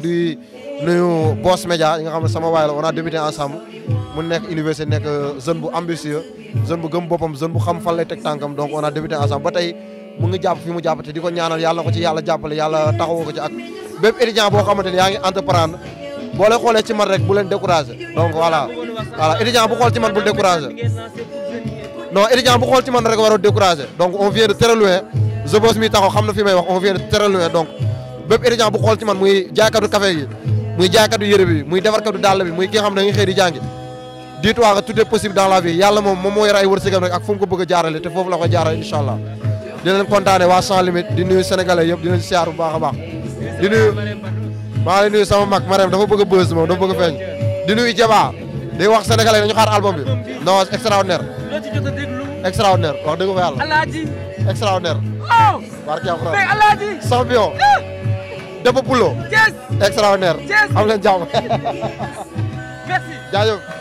di nuyu Boss Media yi nga xam ne sama waay la on a ensemble mu nekk université nekk jeune bu ambitieux jeune bu gëm boppam jeune bu xam fan lay teg tànkam donc on a débuté ensemble ba mu ngi jàpp fi yàlla ko ci yàlla jàppale yàlla taxawoo ko ci ak bépp étudiant yaa ngi entreprendre boo leen xoolee ci man rek bu leen découragé donc voilà voilà étudiant bu xool ci man bul découragé non étudiant bu xool ci man rek waroo découragé donc on vient de très loin je mi taxaw xam na fi may wax on vient de très donc bépp étudiant bu xool ci man muy jaaykatu café gi muy jaaykatu yére bi muy defar defarkatu dàll bi muy ki nga xam ne da nga xëy di jàngi dis-toi que tout est la vie yàlla moom moom moo yor ay wërsëgam rek ak fu ko bëgg a jaarale te foofu la ko jaarale incha allah di leen kontaane waa sans limite di nuyu sénégalais yëpp di leen siyaar baax a baax di nuyu maa ngi nuyu sama mag Marème dafa bëgg a bës moom dafa bëgg a feeñ di nuyu Jaba day wax sénégalais dañu xaar album bi non extraordinaire extraordinaire wax dëgg fa yàlla extraordinaire oh. barke Dépôt Pulo. Thiès extraordinaire. am leen jàmm. merci